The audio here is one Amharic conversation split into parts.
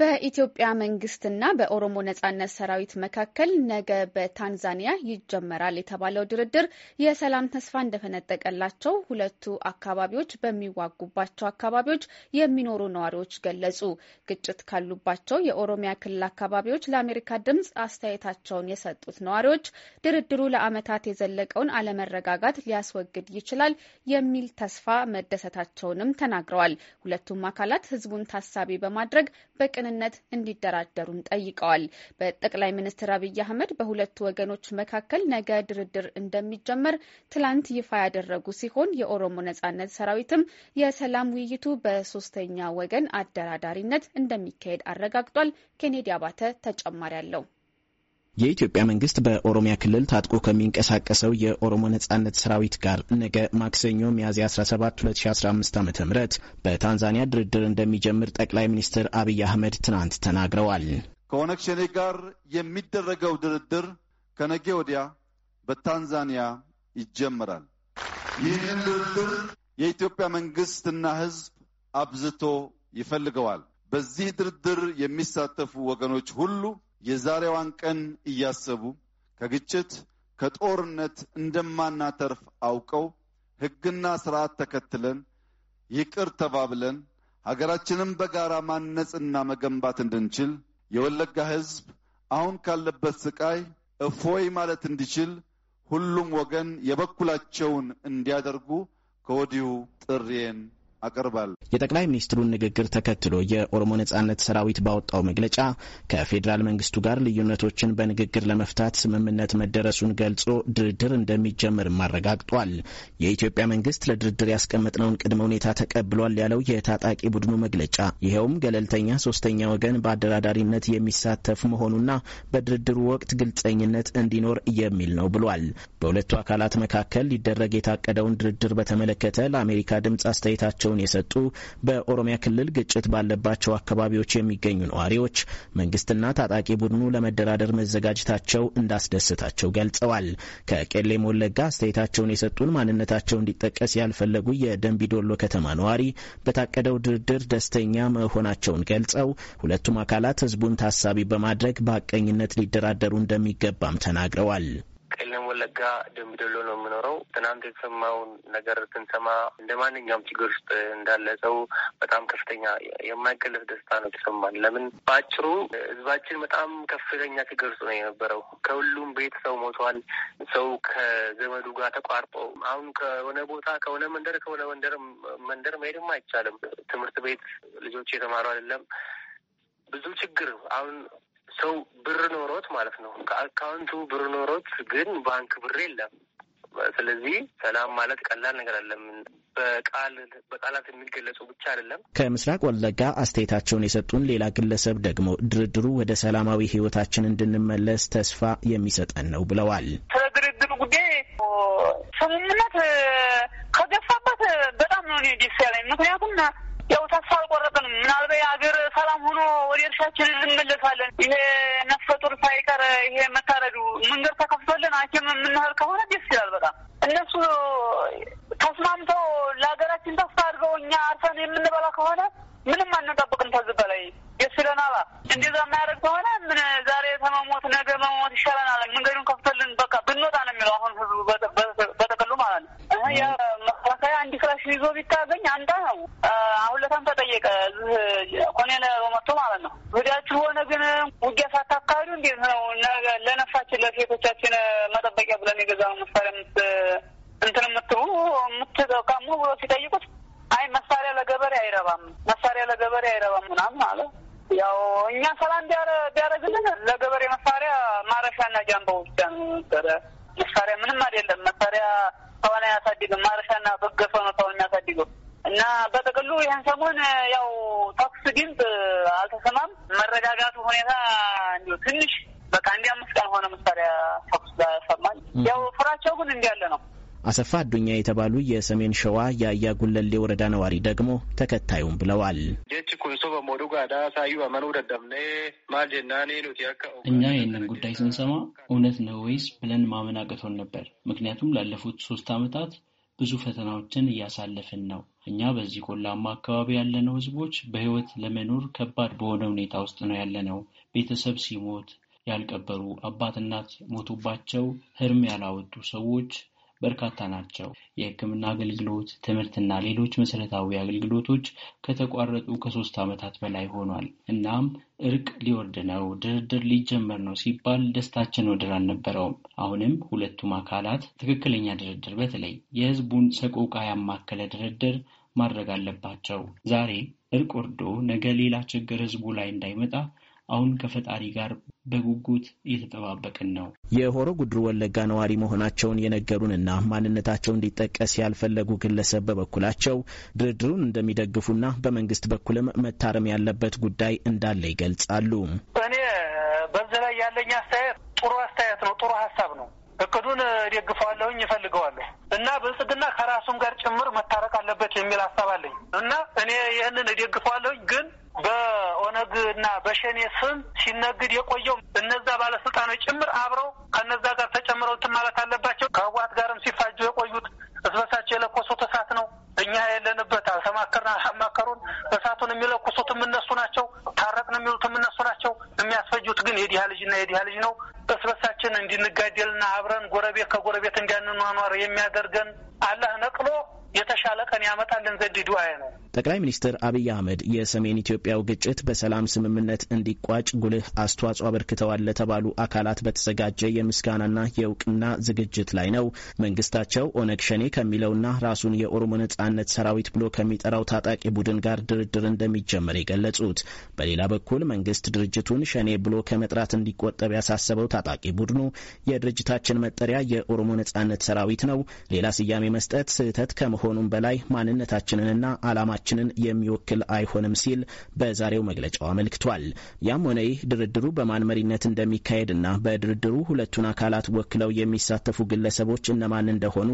በኢትዮጵያ መንግስትና በኦሮሞ ነጻነት ሰራዊት መካከል ነገ በታንዛኒያ ይጀመራል የተባለው ድርድር የሰላም ተስፋ እንደፈነጠቀላቸው ሁለቱ አካባቢዎች በሚዋጉባቸው አካባቢዎች የሚኖሩ ነዋሪዎች ገለጹ። ግጭት ካሉባቸው የኦሮሚያ ክልል አካባቢዎች ለአሜሪካ ድምጽ አስተያየታቸውን የሰጡት ነዋሪዎች ድርድሩ ለዓመታት የዘለቀውን አለመረጋጋት ሊያስወግድ ይችላል የሚል ተስፋ መደሰታቸውንም ተናግረዋል። ሁለቱም አካላት ህዝቡን ታሳቢ በማድረግ በቅ በቅንነት እንዲደራደሩም ጠይቀዋል። በጠቅላይ ሚኒስትር አብይ አህመድ በሁለቱ ወገኖች መካከል ነገ ድርድር እንደሚጀመር ትላንት ይፋ ያደረጉ ሲሆን የኦሮሞ ነጻነት ሰራዊትም የሰላም ውይይቱ በሶስተኛ ወገን አደራዳሪነት እንደሚካሄድ አረጋግጧል። ኬኔዲ አባተ ተጨማሪ አለው። የኢትዮጵያ መንግስት በኦሮሚያ ክልል ታጥቆ ከሚንቀሳቀሰው የኦሮሞ ነጻነት ሰራዊት ጋር ነገ ማክሰኞ ሚያዝያ 17 2015 ዓ ም በታንዛኒያ ድርድር እንደሚጀምር ጠቅላይ ሚኒስትር አብይ አህመድ ትናንት ተናግረዋል። ከኦነግ ሸኔ ጋር የሚደረገው ድርድር ከነገ ወዲያ በታንዛኒያ ይጀምራል። ይህንን ድርድር የኢትዮጵያ መንግስትና ህዝብ አብዝቶ ይፈልገዋል። በዚህ ድርድር የሚሳተፉ ወገኖች ሁሉ የዛሬዋን ቀን እያሰቡ ከግጭት ከጦርነት እንደማናተርፍ አውቀው ሕግና ስርዓት ተከትለን ይቅር ተባብለን ሀገራችንን በጋራ ማነጽና መገንባት እንድንችል የወለጋ ሕዝብ አሁን ካለበት ስቃይ እፎይ ማለት እንዲችል ሁሉም ወገን የበኩላቸውን እንዲያደርጉ ከወዲሁ ጥሪዬን አቀርባል። የጠቅላይ ሚኒስትሩን ንግግር ተከትሎ የኦሮሞ ነጻነት ሰራዊት ባወጣው መግለጫ ከፌዴራል መንግስቱ ጋር ልዩነቶችን በንግግር ለመፍታት ስምምነት መደረሱን ገልጾ ድርድር እንደሚጀምርም አረጋግጧል። የኢትዮጵያ መንግስት ለድርድር ያስቀመጥነውን ቅድመ ሁኔታ ተቀብሏል ያለው የታጣቂ ቡድኑ መግለጫ ይኸውም ገለልተኛ ሶስተኛ ወገን በአደራዳሪነት የሚሳተፍ መሆኑና በድርድሩ ወቅት ግልጸኝነት እንዲኖር የሚል ነው ብሏል። በሁለቱ አካላት መካከል ሊደረግ የታቀደውን ድርድር በተመለከተ ለአሜሪካ ድምፅ አስተያየታቸው አስተያየታቸውን የሰጡ በኦሮሚያ ክልል ግጭት ባለባቸው አካባቢዎች የሚገኙ ነዋሪዎች መንግስትና ታጣቂ ቡድኑ ለመደራደር መዘጋጀታቸው እንዳስደሰታቸው ገልጸዋል። ከቄሌም ወለጋ አስተያየታቸውን የሰጡን ማንነታቸው እንዲጠቀስ ያልፈለጉ የደንቢዶሎ ከተማ ነዋሪ በታቀደው ድርድር ደስተኛ መሆናቸውን ገልጸው ሁለቱም አካላት ህዝቡን ታሳቢ በማድረግ በሐቀኝነት ሊደራደሩ እንደሚገባም ተናግረዋል። ቄለም ወለጋ ደምቢዶሎ ነው የምኖረው። ትናንት የተሰማውን ነገር ስንሰማ እንደ ማንኛውም ችግር ውስጥ እንዳለ ሰው በጣም ከፍተኛ የማይገለጽ ደስታ ነው የተሰማን። ለምን በአጭሩ ህዝባችን በጣም ከፍተኛ ችግር ውስጥ ነው የነበረው። ከሁሉም ቤት ሰው ሞቷል። ሰው ከዘመዱ ጋር ተቋርጦ አሁን ከሆነ ቦታ ከሆነ መንደር ከሆነ መንደር መንደር መሄድም አይቻልም። ትምህርት ቤት ልጆች የተማሩ አይደለም። ብዙ ችግር አሁን ሰው ብር ኖሮት ማለት ነው ከአካውንቱ ብር ኖሮት ግን ባንክ ብር የለም። ስለዚህ ሰላም ማለት ቀላል ነገር አለም በቃል በቃላት የሚገለጹ ብቻ አይደለም። ከምስራቅ ወለጋ አስተያየታቸውን የሰጡን ሌላ ግለሰብ ደግሞ ድርድሩ ወደ ሰላማዊ ህይወታችን እንድንመለስ ተስፋ የሚሰጠን ነው ብለዋል። ስለ ድርድሩ ጉዳይ ስምምነት ከገፋበት በጣም ነው ደስ ያለኝ። ምክንያቱም ያው ተስፋ አልቆረጥንም ልጆቻችንን እንመለሳለን። ይሄ ነፍሰ ጡር ሳይቀር ይሄ መታረዱ መንገድ ተከፍቶልን ሐኪም የምንህር ከሆነ ደስ ይላል በጣም እነሱ ተስማምተው ለሀገራችን ተስፋ አድርገው እኛ አርሰን የምንበላ ከሆነ ምንም አንጠብቅም። ከዚህ በላይ ደስ ይለናል። እንደዛ የማያደርግ ከሆነ ውጊያ ሳታካሂዱ እንዴት ነው ለነፍሳችን ለሴቶቻችን መጠበቂያ ብለን የገዛነው መሳሪያ እንትን የምትሉ የምትጠቀሙ ብሎ ሲጠይቁት አይ መሳሪያ ለገበሬ አይረባም፣ መሳሪያ ለገበሬ አይረባም ምናምን አለ። ያው እኛ ሰላም ቢያደረግልን ለገበሬ መሳሪያ ማረሻና ጃንባ ብቻ ነበረ። መሳሪያ ምንም አይደለም። መሳሪያ ሰውን አያሳድግም። ማረሻና በገሰው ነው ሰውን እና በጥቅሉ ይህን ሰሞን ያው ተኩስ ድምፅ አልተሰማም። መረጋጋቱ ሁኔታ እንዲሁ ትንሽ በቃ እንዲ አምስት ቀን ሆነ መሳሪያ ተኩስ ሰማል። ያው ፍራቸው ግን እንዲያለ ነው። አሰፋ አዱኛ የተባሉ የሰሜን ሸዋ የአያ ጉለሌ ወረዳ ነዋሪ ደግሞ ተከታዩም ብለዋል። እኛ ይህንን ጉዳይ ስንሰማ እውነት ነው ወይስ ብለን ማመን አቅቶን ነበር። ምክንያቱም ላለፉት ሶስት ዓመታት ብዙ ፈተናዎችን እያሳለፍን ነው። እኛ በዚህ ቆላማ አካባቢ ያለነው ህዝቦች በህይወት ለመኖር ከባድ በሆነ ሁኔታ ውስጥ ነው ያለነው። ቤተሰብ ሲሞት ያልቀበሩ አባት እናት ሞቶባቸው ህርም ያላወጡ ሰዎች በርካታ ናቸው። የሕክምና አገልግሎት፣ ትምህርትና ሌሎች መሰረታዊ አገልግሎቶች ከተቋረጡ ከሶስት ዓመታት በላይ ሆኗል። እናም እርቅ ሊወርድ ነው፣ ድርድር ሊጀመር ነው ሲባል ደስታችን ወደር አልነበረውም። አሁንም ሁለቱም አካላት ትክክለኛ ድርድር፣ በተለይ የህዝቡን ሰቆቃ ያማከለ ድርድር ማድረግ አለባቸው። ዛሬ እርቅ ወርዶ ነገ ሌላ ችግር ህዝቡ ላይ እንዳይመጣ አሁን ከፈጣሪ ጋር በጉጉት እየተጠባበቅን ነው። የሆሮ ጉድሩ ወለጋ ነዋሪ መሆናቸውን የነገሩንና ማንነታቸው እንዲጠቀስ ያልፈለጉ ግለሰብ በበኩላቸው ድርድሩን እንደሚደግፉና በመንግስት በኩልም መታረም ያለበት ጉዳይ እንዳለ ይገልጻሉ። እኔ በዚህ ላይ ያለኝ አስተያየት ጥሩ አስተያየት ነው፣ ጥሩ ሀሳብ ነው። እቅዱን ደግፈዋለሁኝ፣ ይፈልገዋለሁ እና ብልጽግና ከራሱም ጋር ጭምር መታረቅ አለበት የሚል ሀሳብ አለኝ እና እኔ ይህንን ደግፈዋለሁኝ ግን በኦነግ እና በሸኔ ስም ሲነግድ የቆየው እነዛ ባለስልጣኖች ጭምር አብረው ከነዛ ጋር ተጨምረው ማለት አለባቸው። ከህወሀት ጋርም ሲፋጁ የቆዩት እስበሳቸው የለኮሱት እሳት ነው። እኛ የለንበት፣ አልተማከርን፣ አላማከሩን። እሳቱን የሚለኩሱትም እነሱ ናቸው። ታረቅን የሚሉትም እነሱ ናቸው። የሚያስፈጁት ግን ልጅ ልጅና የድሃ ልጅ ነው። እስበሳችን እንዲንጋደልና አብረን ጎረቤት ከጎረቤት እንዳንኗኗር የሚያደርገን አላህ ነቅሎ የተሻለ ቀን ያመጣልን ዘንድ ዱዓዬ ነው። ጠቅላይ ሚኒስትር አብይ አህመድ የሰሜን ኢትዮጵያው ግጭት በሰላም ስምምነት እንዲቋጭ ጉልህ አስተዋጽኦ አበርክተዋል ለተባሉ አካላት በተዘጋጀ የምስጋናና የእውቅና ዝግጅት ላይ ነው መንግስታቸው ኦነግ ሸኔ ከሚለውና ራሱን የኦሮሞ ነጻነት ሰራዊት ብሎ ከሚጠራው ታጣቂ ቡድን ጋር ድርድር እንደሚጀመር የገለጹት። በሌላ በኩል መንግስት ድርጅቱን ሸኔ ብሎ ከመጥራት እንዲቆጠብ ያሳሰበው ታጣቂ ቡድኑ የድርጅታችን መጠሪያ የኦሮሞ ነጻነት ሰራዊት ነው፣ ሌላ ስያሜ መስጠት ስህተት ከመሆ ከመሆኑም በላይ ማንነታችንንና ዓላማችንን የሚወክል አይሆንም ሲል በዛሬው መግለጫው አመልክቷል። ያም ሆነ ይህ ድርድሩ በማን መሪነት እንደሚካሄድና በድርድሩ ሁለቱን አካላት ወክለው የሚሳተፉ ግለሰቦች እነማን እንደሆኑ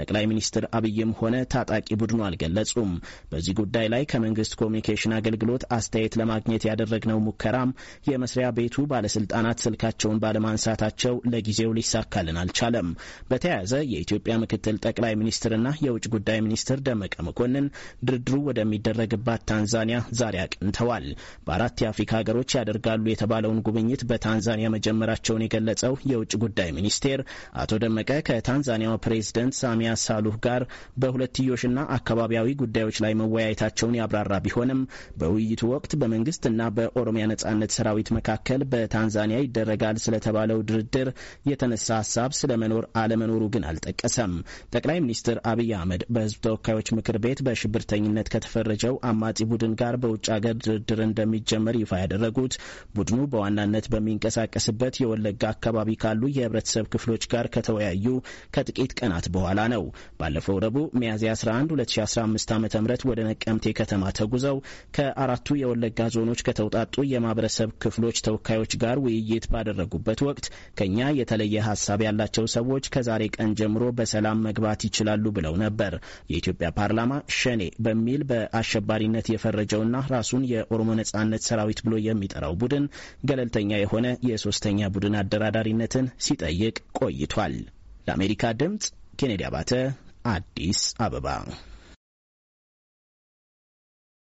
ጠቅላይ ሚኒስትር አብይም ሆነ ታጣቂ ቡድኑ አልገለጹም። በዚህ ጉዳይ ላይ ከመንግስት ኮሚኒኬሽን አገልግሎት አስተያየት ለማግኘት ያደረግነው ሙከራም የመስሪያ ቤቱ ባለስልጣናት ስልካቸውን ባለማንሳታቸው ለጊዜው ሊሳካልን አልቻለም። በተያያዘ የኢትዮጵያ ምክትል ጠቅላይ ሚኒስትርና የውጭ ጉዳይ ጉዳይ ሚኒስትር ደመቀ መኮንን ድርድሩ ወደሚደረግባት ታንዛኒያ ዛሬ አቅንተዋል። በአራት የአፍሪካ ሀገሮች ያደርጋሉ የተባለውን ጉብኝት በታንዛኒያ መጀመራቸውን የገለጸው የውጭ ጉዳይ ሚኒስቴር አቶ ደመቀ ከታንዛኒያው ፕሬዝደንት ሳሚያ ሳሉህ ጋር በሁለትዮሽና አካባቢያዊ ጉዳዮች ላይ መወያየታቸውን ያብራራ ቢሆንም በውይይቱ ወቅት በመንግስትና በኦሮሚያ ነጻነት ሰራዊት መካከል በታንዛኒያ ይደረጋል ስለተባለው ድርድር የተነሳ ሀሳብ ስለመኖር አለመኖሩ ግን አልጠቀሰም። ጠቅላይ ሚኒስትር አብይ አህመድ በ በህዝብ ተወካዮች ምክር ቤት በሽብርተኝነት ከተፈረጀው አማጺ ቡድን ጋር በውጭ ሀገር ድርድር እንደሚጀመር ይፋ ያደረጉት ቡድኑ በዋናነት በሚንቀሳቀስበት የወለጋ አካባቢ ካሉ የህብረተሰብ ክፍሎች ጋር ከተወያዩ ከጥቂት ቀናት በኋላ ነው። ባለፈው ረቡዕ ሚያዝያ 11 2015 ዓ ም ወደ ነቀምቴ ከተማ ተጉዘው ከአራቱ የወለጋ ዞኖች ከተውጣጡ የማህበረሰብ ክፍሎች ተወካዮች ጋር ውይይት ባደረጉበት ወቅት ከኛ የተለየ ሀሳብ ያላቸው ሰዎች ከዛሬ ቀን ጀምሮ በሰላም መግባት ይችላሉ ብለው ነበር። የኢትዮጵያ ፓርላማ ሸኔ በሚል በአሸባሪነት የፈረጀውና ራሱን የኦሮሞ ነጻነት ሰራዊት ብሎ የሚጠራው ቡድን ገለልተኛ የሆነ የሶስተኛ ቡድን አደራዳሪነትን ሲጠይቅ ቆይቷል። ለአሜሪካ ድምጽ ኬኔዲ አባተ አዲስ አበባ